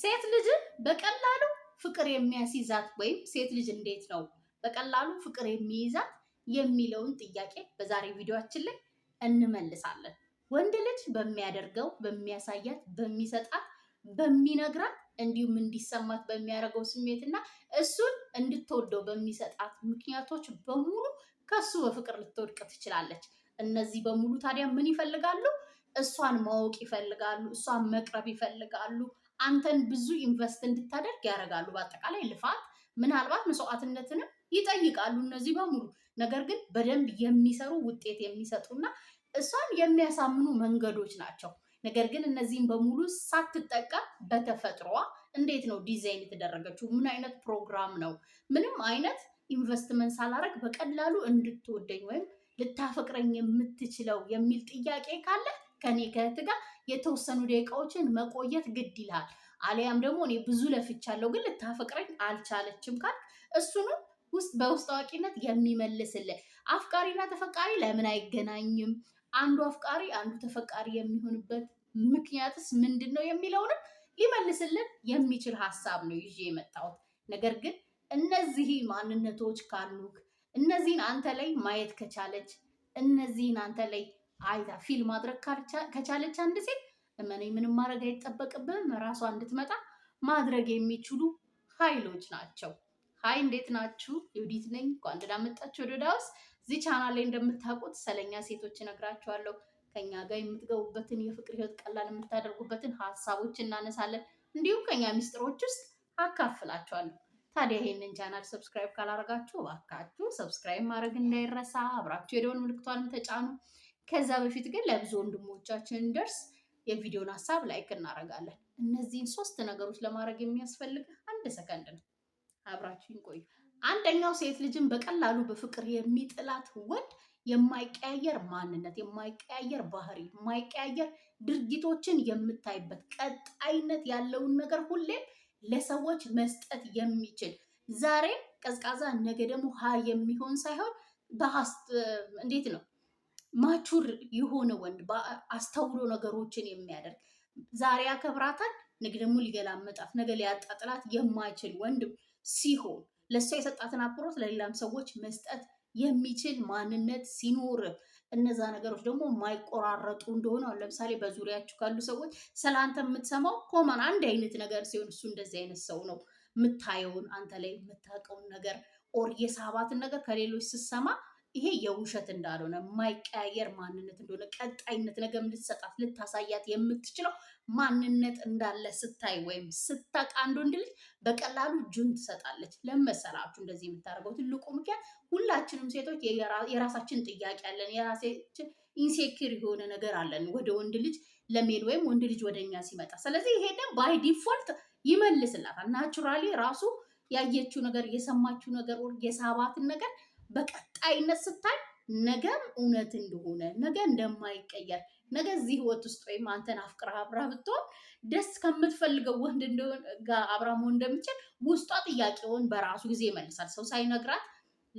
ሴት ልጅ በቀላሉ ፍቅር የሚያስይዛት ወይም ሴት ልጅ እንዴት ነው በቀላሉ ፍቅር የሚይዛት የሚለውን ጥያቄ በዛሬ ቪዲዮችን ላይ እንመልሳለን። ወንድ ልጅ በሚያደርገው በሚያሳያት፣ በሚሰጣት፣ በሚነግራት እንዲሁም እንዲሰማት በሚያደርገው ስሜትና እሱን እንድትወደው በሚሰጣት ምክንያቶች በሙሉ ከሱ በፍቅር ልትወድቅ ትችላለች። እነዚህ በሙሉ ታዲያ ምን ይፈልጋሉ? እሷን ማወቅ ይፈልጋሉ። እሷን መቅረብ ይፈልጋሉ። አንተን ብዙ ኢንቨስት እንድታደርግ ያደርጋሉ። በአጠቃላይ ልፋት፣ ምናልባት መስዋዕትነትንም ይጠይቃሉ እነዚህ በሙሉ ነገር ግን በደንብ የሚሰሩ ውጤት የሚሰጡና እሷን የሚያሳምኑ መንገዶች ናቸው። ነገር ግን እነዚህም በሙሉ ሳትጠቀም በተፈጥሯ እንዴት ነው ዲዛይን የተደረገችው? ምን አይነት ፕሮግራም ነው? ምንም አይነት ኢንቨስትመንት ሳላረግ በቀላሉ እንድትወደኝ ወይም ልታፈቅረኝ የምትችለው የሚል ጥያቄ ካለ ከኔ ከእህት ጋር የተወሰኑ ደቂቃዎችን መቆየት ግድ ይላል አሊያም ደግሞ እኔ ብዙ ለፍቻለሁ ግን ልታፈቅረኝ አልቻለችም ካልክ እሱንም ውስጥ በውስጥ አዋቂነት የሚመልስልን አፍቃሪና ተፈቃሪ ለምን አይገናኝም? አንዱ አፍቃሪ አንዱ ተፈቃሪ የሚሆንበት ምክንያትስ ምንድን ነው የሚለውንም ሊመልስልን የሚችል ሀሳብ ነው ይዤ የመጣሁት። ነገር ግን እነዚህ ማንነቶች ካሉክ፣ እነዚህን አንተ ላይ ማየት ከቻለች፣ እነዚህን አንተ ላይ አይታ ፊል ማድረግ ከቻለች አንድ ሴት እመኔ ምንም ማድረግ አይጠበቅብም ራሷ እንድትመጣ ማድረግ የሚችሉ ኃይሎች ናቸው። ሀይ እንዴት ናችሁ? ዩዲት ነኝ። እንኳን ደህና መጣችሁ ወደ እዚህ ቻናል ላይ እንደምታውቁት ስለኛ ሴቶች እነግራችኋለሁ። ከኛ ጋር የምትገቡበትን የፍቅር ህይወት ቀላል የምታደርጉበትን ሀሳቦች እናነሳለን። እንዲሁም ከኛ ሚስጥሮች ውስጥ አካፍላችኋለሁ። ታዲያ ይሄንን ቻናል ሰብስክራይብ ካላረጋችሁ እባካችሁ ሰብስክራይብ ማድረግ እንዳይረሳ፣ አብራችሁ የደወል ምልክቷንም ተጫኑ። ከዛ በፊት ግን ለብዙ ወንድሞቻችን እንደርስ የቪዲዮን ሀሳብ ላይክ እናደርጋለን። እነዚህን ሶስት ነገሮች ለማድረግ የሚያስፈልግ አንድ ሰከንድ ነው። አብራችሁን ቆዩ። አንደኛው ሴት ልጅን በቀላሉ በፍቅር የሚጥላት ወንድ የማይቀያየር ማንነት፣ የማይቀያየር ባህሪ፣ የማይቀያየር ድርጊቶችን የምታይበት ቀጣይነት ያለውን ነገር ሁሌም ለሰዎች መስጠት የሚችል ዛሬ ቀዝቃዛ ነገ ደግሞ ሀ የሚሆን ሳይሆን እንዴት ነው ማቹር የሆነ ወንድ አስተውሎ ነገሮችን የሚያደርግ ዛሬ ያከብራታል፣ ነገ ደግሞ ሊገላመጣት ነገ ሊያጣጥላት የማይችል ወንድ ሲሆን ለእሷ የሰጣትን አክብሮት ለሌላም ሰዎች መስጠት የሚችል ማንነት ሲኖር እነዛ ነገሮች ደግሞ የማይቆራረጡ እንደሆነ አሁን ለምሳሌ በዙሪያችሁ ካሉ ሰዎች ስለ አንተ የምትሰማው ኮመን አንድ አይነት ነገር ሲሆን እሱ እንደዚህ አይነት ሰው ነው። የምታየውን አንተ ላይ የምታውቀውን ነገር ኦር የሳባትን ነገር ከሌሎች ስትሰማ ይሄ የውሸት እንዳልሆነ የማይቀያየር ማንነት እንደሆነ ቀጣይነት ነገም ልትሰጣት ልታሳያት የምትችለው ማንነት እንዳለ ስታይ ወይም ስታቅ አንዱ ወንድ ልጅ በቀላሉ እጁን ትሰጣለች። ለመሰላችሁ እንደዚህ የምታደርገው ትልቁ ምክንያት ሁላችንም ሴቶች የራሳችን ጥያቄ አለን። የራሳችን ኢንሴኪር የሆነ ነገር አለን ወደ ወንድ ልጅ ለሜል ወይም ወንድ ልጅ ወደኛ ሲመጣ። ስለዚህ ይሄ ባይ ዲፎልት ይመልስላታል። ናቹራሊ ራሱ ያየችው ነገር የሰማችው ነገር የሳባትን ነገር በቀጣይነት ስታይ ነገም እውነት እንደሆነ ነገ እንደማይቀየር ነገ እዚህ ህይወት ውስጥ ወይም አንተን አፍቅራ አብራ ብትሆን ደስ ከምትፈልገው ወንድ እንደሆነ ጋር አብራ መሆን እንደምችል ውስጧ ጥያቄውን በራሱ ጊዜ ይመልሳል። ሰው ሳይነግራት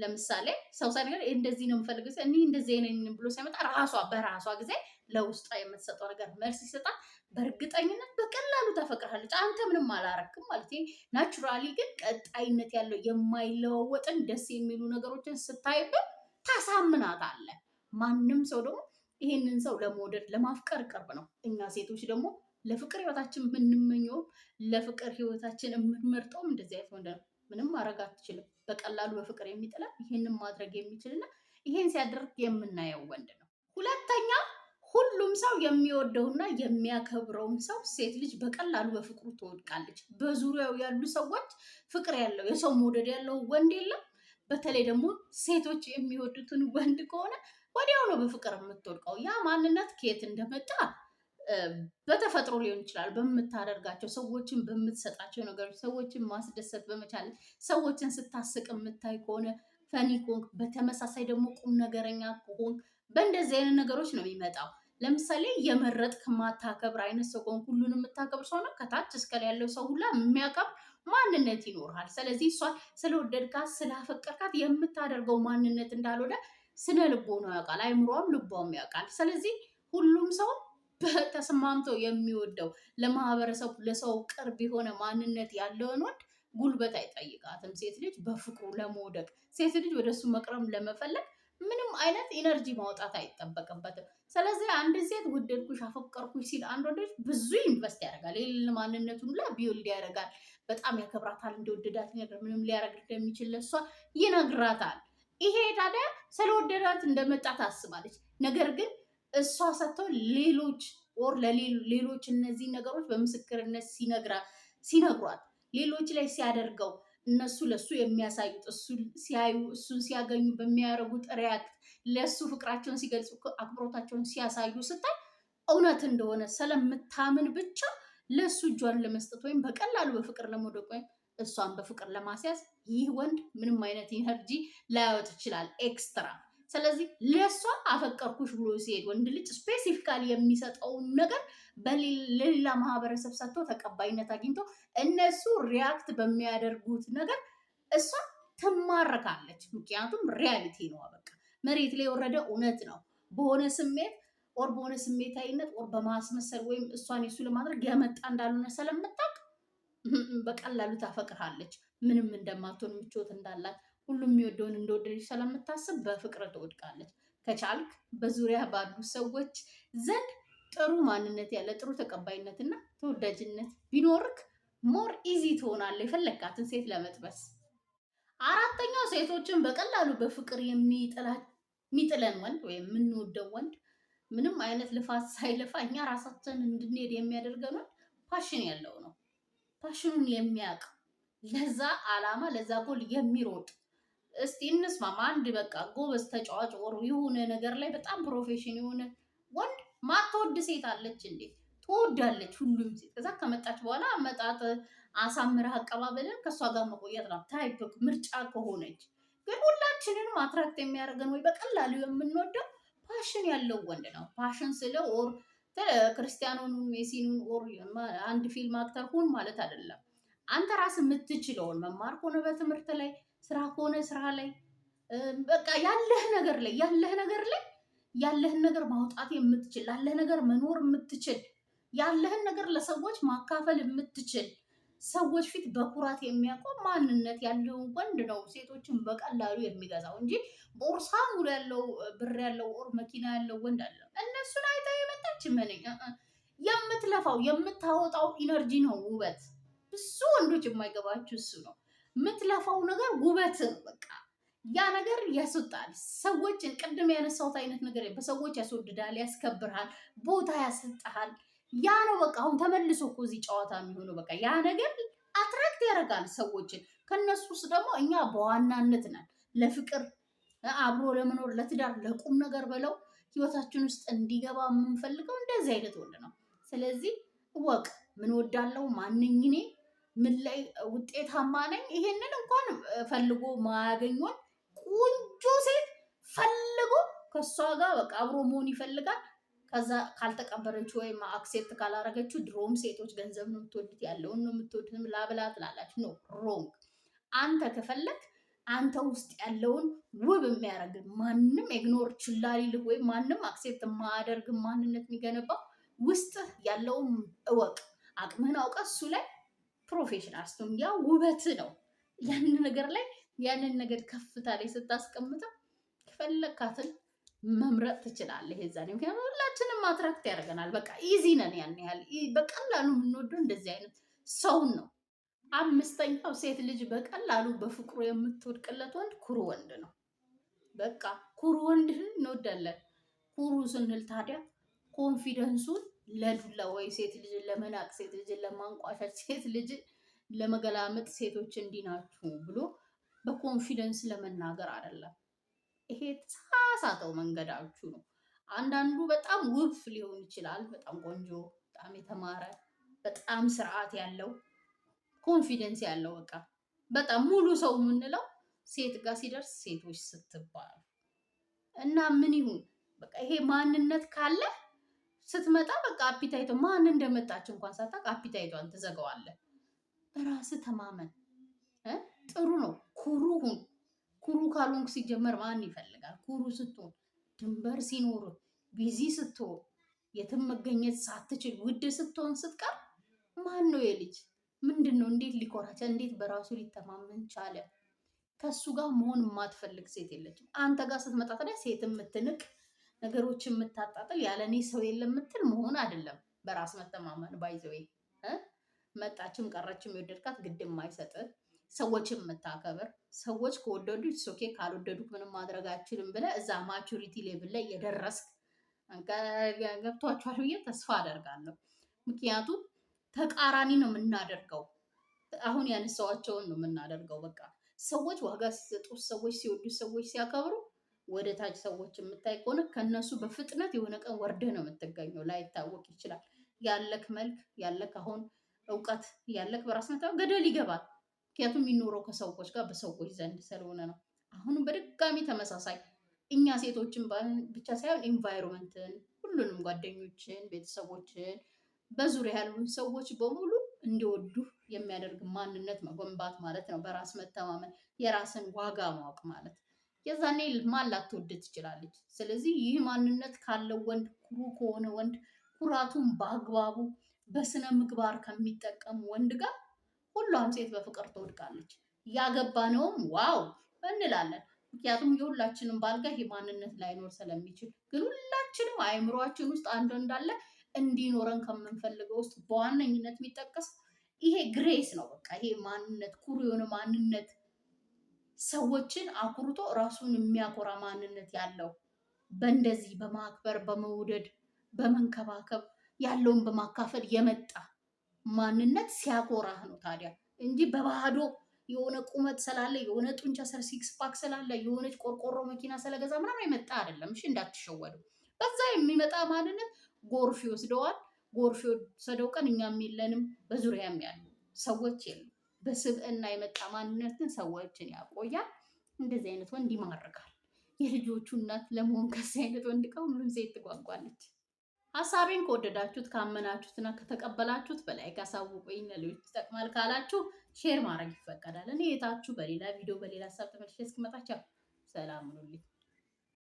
ለምሳሌ ሰው ሳይነግራት እንደዚህ ነው የምፈልገው እኔ እንደዚህ አይነት ብሎ ሳይመጣ ራሷ በራሷ ጊዜ ለውስጧ የምትሰጠው ነገር መልስ ይሰጣል። በእርግጠኝነት በቀላሉ ታፈቅርሃለች። አንተ ምንም አላረክም ማለት ናቹራሊ፣ ግን ቀጣይነት ያለው የማይለዋወጥን ደስ የሚሉ ነገሮችን ስታይበት ታሳምናት አለ። ማንም ሰው ደግሞ ይሄንን ሰው ለመውደድ ለማፍቀር ቅርብ ነው። እኛ ሴቶች ደግሞ ለፍቅር ህይወታችን የምንመኘውም ለፍቅር ህይወታችን የምንመርጠውም እንደዚህ አይነት ወንድ ነው። ምንም ማድረግ አትችልም። በቀላሉ በፍቅር የሚጥላ ይሄንን ማድረግ የሚችልና ይሄን ሲያደርግ የምናየው ወንድ ነው። ሁለተኛ ሁሉም ሰው የሚወደውና የሚያከብረውን ሰው ሴት ልጅ በቀላሉ በፍቅሩ ትወድቃለች። በዙሪያው ያሉ ሰዎች ፍቅር ያለው የሰው መውደድ ያለው ወንድ የለም። በተለይ ደግሞ ሴቶች የሚወዱትን ወንድ ከሆነ ወዲያው ነው በፍቅር የምትወድቀው። ያ ማንነት ከየት እንደመጣ በተፈጥሮ ሊሆን ይችላል፣ በምታደርጋቸው ሰዎችን በምትሰጣቸው ነገሮች፣ ሰዎችን ማስደሰት በመቻል ሰዎችን ስታስቅ የምታይ ከሆነ ፈኒ ኮንክ፣ በተመሳሳይ ደግሞ ቁም ነገረኛ ከሆንክ በእንደዚህ አይነት ነገሮች ነው የሚመጣው። ለምሳሌ የመረጥክ ማታከብር አይነት ሰው ከሆንክ የምታከብር ሰው ነው ከታች እስከላይ ያለው ሰው ሁላ የሚያከብር ማንነት ይኖርሃል። ስለዚህ እሷ ስለወደድካት ስላፈቀርካት የምታደርገው ማንነት እንዳልሆነ ስነ ነው ያውቃል፣ አይምሮም ልቦም ያውቃል። ስለዚህ ሁሉም ሰው ተስማምቶ የሚወደው ለማህበረሰቡ ለሰው ቅርብ የሆነ ማንነት ያለውን ወንድ ጉልበት አይጠይቃትም ሴት ልጅ በፍቅሩ ለመውደቅ ሴት ልጅ ወደሱ መቅረብ ለመፈለግ ምንም አይነት ኢነርጂ ማውጣት አይጠበቅበትም። ስለዚህ አንድ ሴት ወደድኩሽ፣ አፈቀርኩሽ ሲል አንድ ወንዶች ብዙ ኢንቨስት ያደርጋል። የሌለ ማንነቱን ላ ቢውልድ ያደርጋል። በጣም ያከብራታል። እንደወደዳት ነገር ምንም ሊያደርግ እንደሚችል ለእሷ ይነግራታል። ይሄ ታዲያ ስለወደዳት እንደመጣ ታስባለች። ነገር ግን እሷ ሰጥተው ሌሎች ወር ለሌሎች እነዚህ ነገሮች በምስክርነት ሲነግሯት ሌሎች ላይ ሲያደርገው እነሱ ለሱ የሚያሳዩት እሱን ሲያዩ እሱን ሲያገኙ በሚያደርጉት ሪያክት ለሱ ፍቅራቸውን ሲገልጹ አክብሮታቸውን ሲያሳዩ ስታይ እውነት እንደሆነ ስለምታምን ብቻ ለሱ እጇን ለመስጠት ወይም በቀላሉ በፍቅር ለመውደቅ ወይም እሷን በፍቅር ለማስያዝ ይህ ወንድ ምንም አይነት ኢነርጂ ላያወጥ ይችላል ኤክስትራ ስለዚህ ለእሷ አፈቀርኩሽ ብሎ ሲሄድ ወንድ ልጅ ስፔሲፊካሊ የሚሰጠውን ነገር በሌላ ማህበረሰብ ሰጥቶ ተቀባይነት አግኝቶ እነሱ ሪያክት በሚያደርጉት ነገር እሷ ትማረካለች። ምክንያቱም ሪያሊቲ ነው፣ በቃ መሬት ላይ የወረደ እውነት ነው። በሆነ ስሜት ኦር በሆነ ስሜታዊነት ኦር በማስመሰል ወይም እሷን የሱ ለማድረግ የመጣ እንዳልሆነ ስለምታውቅ በቀላሉ ታፈቅርሃለች። ምንም እንደማትሆን ምቾት እንዳላት ሁሉም የሚወደውን እንደወደደች ስለምታስብ በፍቅር ትወድቃለች። ከቻልክ በዙሪያ ባሉ ሰዎች ዘንድ ጥሩ ማንነት ያለ ጥሩ ተቀባይነትና ተወዳጅነት ቢኖርክ ሞር ኢዚ ትሆናለህ የፈለግካትን ሴት ለመጥበስ። አራተኛው ሴቶችን በቀላሉ በፍቅር የሚጥለን ወንድ ወይም የምንወደው ወንድ ምንም አይነት ልፋት ሳይለፋ እኛ ራሳችን እንድንሄድ የሚያደርገን ወንድ ፓሽን ያለው ነው። ፓሽኑን የሚያውቅ ለዛ አላማ ለዛ ጎል የሚሮጥ እስቲ እንስማማ። አንድ በቃ ጎበዝ ተጫዋች ወሩ የሆነ ነገር ላይ በጣም ፕሮፌሽን የሆነ ወንድ ማትወድ ሴት አለች እንዴ? ትወዳለች ሁሉም ሴት። ከዛ ከመጣች በኋላ አመጣጥ አሳምረህ አቀባበልን ከእሷ ጋር መቆየት ናት ታይፕ ምርጫ ከሆነች ግን፣ ሁላችንንም አትራክት የሚያደርገን ወይ በቀላሉ የምንወደው ፓሽን ያለው ወንድ ነው። ፓሽን ስለ ኦር ክርስቲያኑን ሜሲን ኦር አንድ ፊልም አክተር ሁን ማለት አይደለም። አንተ ራስ የምትችለውን መማር ከሆነ በትምህርት ላይ ስራ ከሆነ ስራ ላይ በቃ ያለህ ነገር ላይ ያለህ ነገር ላይ ያለህን ነገር ማውጣት የምትችል ላለህ ነገር መኖር የምትችል ያለህን ነገር ለሰዎች ማካፈል የምትችል ሰዎች ፊት በኩራት የሚያቆም ማንነት ያለው ወንድ ነው ሴቶችን በቀላሉ የሚገዛው እንጂ ቦርሳ ሙሉ ያለው ብር ያለው ኦር መኪና ያለው ወንድ አለ። እነሱን አይታ የመጣች መነኝ የምትለፋው የምታወጣው ኢነርጂ ነው ውበት። ብዙ ወንዶች የማይገባችሁ እሱ ነው። የምትለፋው ነገር ውበት በቃ ያ ነገር ያስወጣል። ሰዎች ቅድም ያነሳሁት አይነት ነገር በሰዎች ያስወድዳል፣ ያስከብርሃል፣ ቦታ ያሰጥሃል። ያ ነው በቃ አሁን ተመልሶ እኮ እዚህ ጨዋታ የሚሆነው በቃ ያ ነገር አትራክት ያደርጋል ሰዎችን። ከነሱ ውስጥ ደግሞ እኛ በዋናነት ነን ለፍቅር አብሮ ለመኖር ለትዳር ለቁም ነገር ብለው ህይወታችን ውስጥ እንዲገባ የምንፈልገው እንደዚህ አይነት ወንድ ነው። ስለዚህ እወቅ፣ ምን ወዳለው ማንኝ እኔ ምን ላይ ውጤታማ ነኝ። ይሄንን እንኳን ፈልጎ ማያገኘውን ቆንጆ ሴት ፈልጎ ከእሷ ጋር በቃ አብሮ መሆን ይፈልጋል። ከዛ ካልተቀበለች ወይም አክሴፕት ካላረገችው፣ ድሮም ሴቶች ገንዘብ ነው የምትወዱት፣ ያለውን ነው የምትወዱት፣ ላብላ ትላላችሁ። ኖ ሮንግ። አንተ ከፈለግ አንተ ውስጥ ያለውን ውብ የሚያደርግ ማንም ኤግኖር ችላ ሊልህ ወይም ማንም አክሴፕት የማያደርግ ማንነት የሚገነባው ውስጥ ያለውን እወቅ፣ አቅምህን አውቀ እሱ ላይ ፕሮፌሽናል ስትሆን ያ ውበት ነው። ያንን ነገር ላይ ያንን ነገር ከፍታ ላይ ስታስቀምጠው ፈለካትን መምረጥ ትችላለህ። የዛኔ ምክንያቱም ሁላችንም አትራክት ያደርገናል። በቃ ኢዚ ነን። ያን ያህል በቀላሉ የምንወደው እንደዚህ አይነት ሰውን ነው። አምስተኛው ሴት ልጅ በቀላሉ በፍቅሩ የምትወድቅለት ወንድ ኩሩ ወንድ ነው። በቃ ኩሩ ወንድ እንወዳለን። ኩሩ ስንል ታዲያ ኮንፊደንሱን ለዱላ ወይ ሴት ልጅ ለመናቅ፣ ሴት ልጅ ለማንቋሻት፣ ሴት ልጅ ለመገላመጥ ሴቶች እንዲህ ናችሁ ብሎ በኮንፊደንስ ለመናገር አይደለም። ይሄ ተሳሳተው መንገዳችሁ ነው። አንዳንዱ በጣም ውብ ሊሆን ይችላል። በጣም ቆንጆ፣ በጣም የተማረ፣ በጣም ስርዓት ያለው ኮንፊደንስ ያለው በቃ በጣም ሙሉ ሰው የምንለው ሴት ጋር ሲደርስ ሴቶች ስትባሉ እና ምን ይሁን በቃ ይሄ ማንነት ካለ ስትመጣ በቃ አፒታይቶ ማን እንደመጣች እንኳን ሳታቅ አፒታይቷን ትዘጋዋለህ። በራስ ተማመን። ጥሩ ነው። ኩሩ ሁን። ኩሩ ካልሆንክ ሲጀመር ማን ይፈልጋል? ኩሩ ስትሆን፣ ድንበር ሲኖር፣ ቢዚ ስትሆን፣ የትም መገኘት ሳትችል፣ ውድ ስትሆን ስትቀር ማን ነው የልጅ ምንድን ነው? እንዴት ሊኮራቸ እንዴት በራሱ ሊተማመን ቻለ? ከሱ ጋር መሆን የማትፈልግ ሴት የለችም። አንተ ጋር ስትመጣ ታዲያ ሴት የምትንቅ ነገሮችን የምታጣጥል ያለ እኔ ሰው የለም የምትል መሆን አይደለም። በራስ መተማመን ባይዘዌ መጣችም ቀረችም የወደድካት ግድ የማይሰጥ ሰዎች የምታከብር ሰዎች ከወደዱ ሶኬ ካልወደዱ ምንም ማድረግ አይችልም ብለህ እዛ ማቹሪቲ ሌቭል ላይ የደረስክ ገብቷችኋል ብዬ ተስፋ አደርጋለሁ። ምክንያቱም ተቃራኒ ነው የምናደርገው። አሁን ያነሳዋቸውን ነው የምናደርገው። በቃ ሰዎች ዋጋ ሲሰጡ፣ ሰዎች ሲወዱ፣ ሰዎች ሲያከብሩ ወደ ታች ሰዎች የምታይ ከሆነ ከነሱ በፍጥነት የሆነ ቀን ወርደህ ነው የምትገኘው። ላይታወቅ ይችላል። ያለክ መልክ፣ ያለክ አሁን እውቀት፣ ያለክ በራስ መተማመን ገደል ይገባል። ምክንያቱም የሚኖረው ከሰዎች ጋር በሰዎች ዘንድ ስለሆነ ነው። አሁንም በድጋሚ ተመሳሳይ እኛ ሴቶችን ብቻ ሳይሆን ኤንቫይሮንመንትን፣ ሁሉንም ጓደኞችን፣ ቤተሰቦችን፣ በዙሪያ ያሉን ሰዎች በሙሉ እንዲወዱ የሚያደርግ ማንነት መገንባት ማለት ነው። በራስ መተማመን የራስን ዋጋ ማወቅ ማለት የዛኔ ማን ላትወድ ትችላለች። ስለዚህ ይህ ማንነት ካለው ወንድ ኩሩ ከሆነ ወንድ ኩራቱን በአግባቡ በስነ ምግባር ከሚጠቀም ወንድ ጋር ሁሏም ሴት በፍቅር ትወድቃለች። ያገባ ነውም ዋው እንላለን። ምክንያቱም የሁላችንም ባልጋ ይህ ማንነት ላይኖር ስለሚችል፣ ግን ሁላችንም አእምሯችን ውስጥ አንዱ እንዳለ እንዲኖረን ከምንፈልገው ውስጥ በዋነኝነት የሚጠቀስ ይሄ ግሬስ ነው። በቃ ይሄ ማንነት ኩሩ የሆነ ማንነት ሰዎችን አኩርቶ ራሱን የሚያኮራ ማንነት ያለው በእንደዚህ በማክበር በመውደድ በመንከባከብ ያለውን በማካፈል የመጣ ማንነት ሲያኮራህ ነው ታዲያ እንጂ በባህዶ የሆነ ቁመት ስላለ የሆነ ጡንቻ ስር ሲክስ ፓክ ስላለ የሆነች ቆርቆሮ መኪና ስለገዛ ምናምን የመጣ አይደለም። እሺ እንዳትሸወዱ። በዛ የሚመጣ ማንነት ጎርፍ ይወስደዋል። ጎርፍ የወሰደው ቀን እኛም የለንም፣ በዙሪያም ያሉ ሰዎች የሉ። በስብዕና የመጣ ማንነትን ሰዎችን ያቆያል። እንደዚህ አይነት ወንድ ይማርካል። የልጆቹ እናት ለመሆን ከዚህ አይነት ወንድ ጋር ሁሉም ሴት ትጓጓለች። ሀሳቤን ከወደዳችሁት ካመናችሁትና ከተቀበላችሁት በላይ ካሳውቁኝ ለሌሎች ይጠቅማል ካላችሁ ሼር ማድረግ ይፈቀዳል። እኔ የታችሁ በሌላ ቪዲዮ በሌላ ሀሳብ ተመልሼ እስክመጣ ሰላም ሁኑልኝ።